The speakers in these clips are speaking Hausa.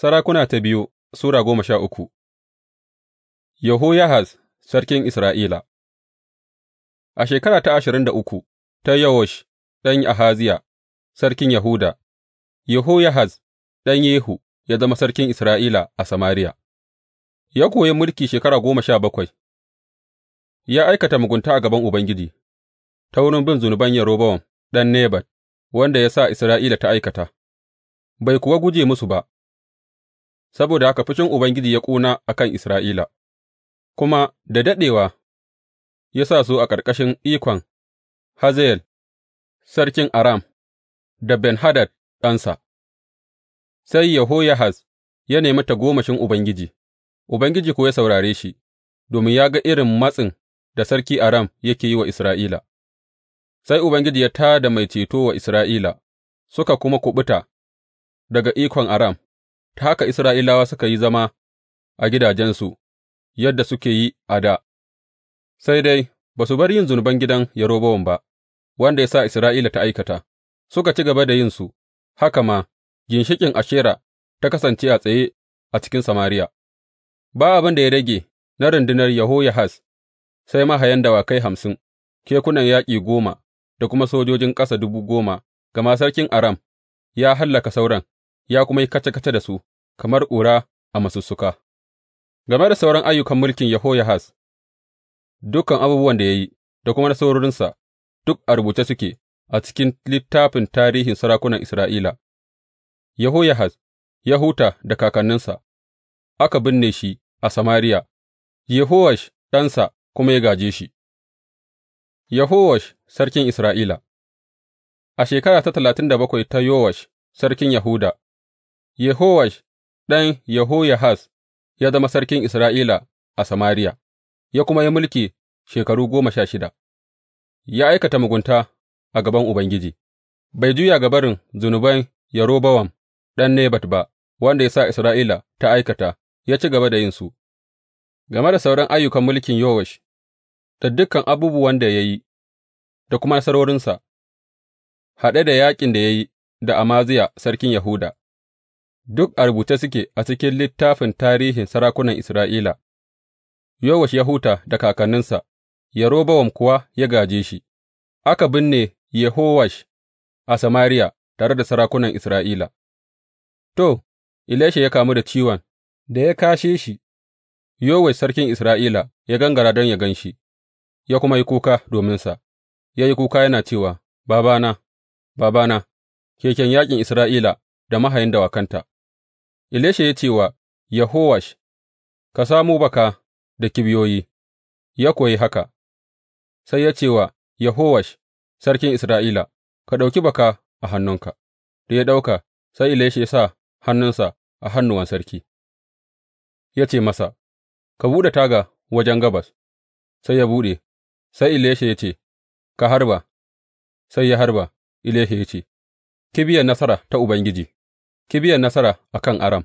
Sarakuna ta biyu Sura goma sha uku Yehoyahaz sarkin Isra'ila A shekara ta ashirin da uku ta Yawosh ɗan Ahaziya, sarkin Yahuda, Yehoyahaz ɗan Yehu ya zama sarkin Isra'ila a Samariya, ya koyi mulki shekara goma sha bakwai, ya aikata mugunta a gaban Ubangiji ta wurin bin zunuban Yerobowam ɗan Nebat, wanda ya sa Isra'ila ta aikata, bai kuwa guje musu ba. saboda haka fushin Ubangiji ya ƙuna a kan Isra'ila, kuma da daɗewa ya sa su a ƙarƙashin ikon Hazayel, sarkin Aram, da Ben Hadad ɗansa. Sai Yehoyahaz ya nemi tagomashin Ubangiji, Ubangiji kuwa ya saurare shi, domin ya ga irin matsin da sarki Aram yake yi wa Isra'ila. Sai Ubangiji ya tā da mai ceto wa Isra'ila, suka kuma kuɓuta daga ikon Aram. ta haka Isra'ilawa suka yi zama a gidajensu yadda suke yi a da. sai dai ba su bar yin zunuban gidan Yerobowam ba, wanda ya sa Isra'ila ta aikata, suka ci gaba da yinsu, haka ma ginshiƙin Ashera ta kasance a tsaye a cikin Samariya, ba abin da ya rage na rundunar Yehoyahaz sai mahayan dawakai hamsin, kekunan yaƙi goma da kuma sojojin ƙasa dubu goma, gama sarkin Aram ya hallaka sauran, ya kuma yi kace kace da su. kamar ƙura a masussuka. Game da sauran ayyukan mulkin Yehoyahaz, dukan abubuwan da ya yi, da kuma nasarorinsa, duk a rubuce suke a cikin littafin tarihin sarakunan Isra'ila. Yehoyahaz ya huta da kakanninsa, aka binne shi a Samariya, Yehowash ɗansa kuma ya gaje shi. Yehowash sarkin Isra'ila A shekara ta talatin da bakwai ta Yowash sarkin Yahuda, Yehowash ɗan Yehoyahaz ya zama sarkin Isra'ila a Samariya, ya kuma yi mulki shekaru goma sha shida, ya aikata mugunta a gaban Ubangiji, bai juya ga barin zunuban Yerobowam ɗan Nebat ba, wanda ya sa Isra'ila ta aikata, ya ci gaba da yin su Game da sauran ayyukan mulkin Yowash, da dukan abubuwan da ya yi, da kuma nasarorinsa, haɗe da yaƙin da ya yi da Amaziya sarkin Yahuda, duk a rubuce suke a cikin littafin tarihin sarakunan Isra'ila, Yowash ya huta da kakanninsa, Yerobowam kuwa ya gāje shi, aka binne Yehowash a Samariya tare da sarakunan Isra'ila. To, Elisha ya kamu da ciwon da ya kashe shi, Yowash sarkin Isra'ila ya gangara don ya gan shi, ya kuma yi kuka dominsa, ya yi kuka yana cewa, Babana, babana, keken yaƙin Isra'ila da mahayin dawakanta. Elisha ya ce wa Yehowash, Ka samo baka da kibiyoyi, ya koyi haka, sai ya ce wa Yehowash sarkin Isra'ila, Ka ɗauki baka a hannunka, da ya ɗauka, sai Elisha ya sa hannunsa a hannuwan sarki, ya ce masa, Ka buɗe taga wajen gabas, sai ya buɗe, sai Elisha ya ce, Ka harba, sai ya harba, Elisha ya ce, Kibiyar nasara ta Ubangiji. kibiyan nasara a kan Aram,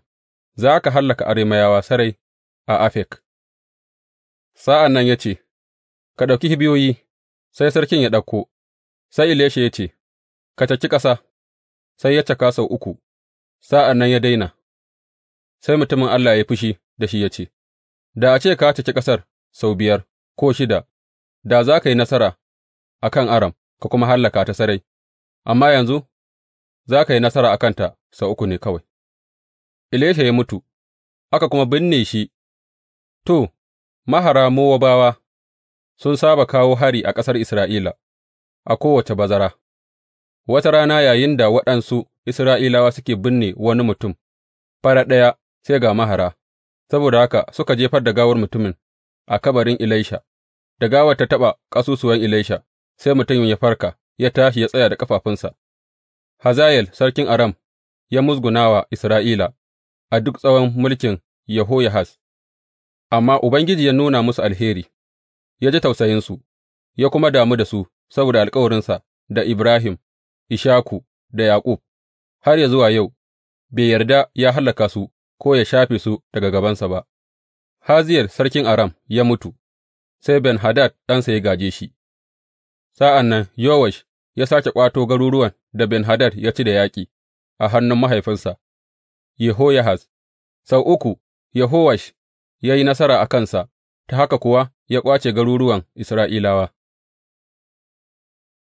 za ka hallaka Arameyawa sarai a Afek. Sa'an nan ya ce, Ka ɗauki kibiyoyi, sai sarkin ya ɗauko, sai Ilesha ya ce, Ka caki ƙasa, sai ya caka sau uku, sa'an nan ya daina, sai mutumin Allah ya fushi da shi ya ce, Da a ce ka caki ƙasar sau biyar ko shida, da za ka yi nasara a kan Aram ka kuma hallaka ta sarai, amma yanzu za ka yi nasara a kanta sau uku ne kawai, Elisha ya mutu, aka kuma binne shi, to, mahara Mowabawa sun saba kawo hari a ƙasar Isra'ila a kowace bazara, wata rana yayinda waɗansu Isra'ilawa suke binne wani mutum, Fara ɗaya sai ga mahara, saboda haka suka jefar da gawar mutumin a kabarin Elisha, da gawar ta taɓa ƙasusuwan Elisha, sai mutumin ya farka, ya tashi ya tsaya da ƙafafunsa. Hazayel sarkin Aram ya musguna wa Isra'ila a duk tsawon mulkin Yehoyahaz, amma Ubangiji ya nuna musu alheri, ya ji tausayinsu, ya kuma damu da su saboda alkawarinsa da Ibrahim, Ishaku da Yaƙub, har ya zuwa yau, bai yarda ya hallaka su ko ya shafe su daga gabansa ba. Haziyar sarkin Aram ya mutu, sai Ben Hadad ɗansa ya gaje shi. Sa'an nan Yowash ya sāke ƙwato garuruwan da Ben Hadad ya ci da yaƙi, a hannun mahaifinsa Yehoyahaz, sau uku Yehowash ya yi nasara a kansa, ta haka kuwa ya ƙwace garuruwan Isra'ilawa.